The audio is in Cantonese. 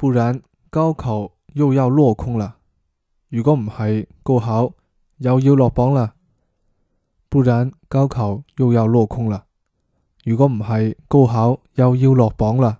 不然高考又要落空啦！如果唔係高考又要落榜啦！不然高考又要落空啦！如果唔係高考又要落榜啦！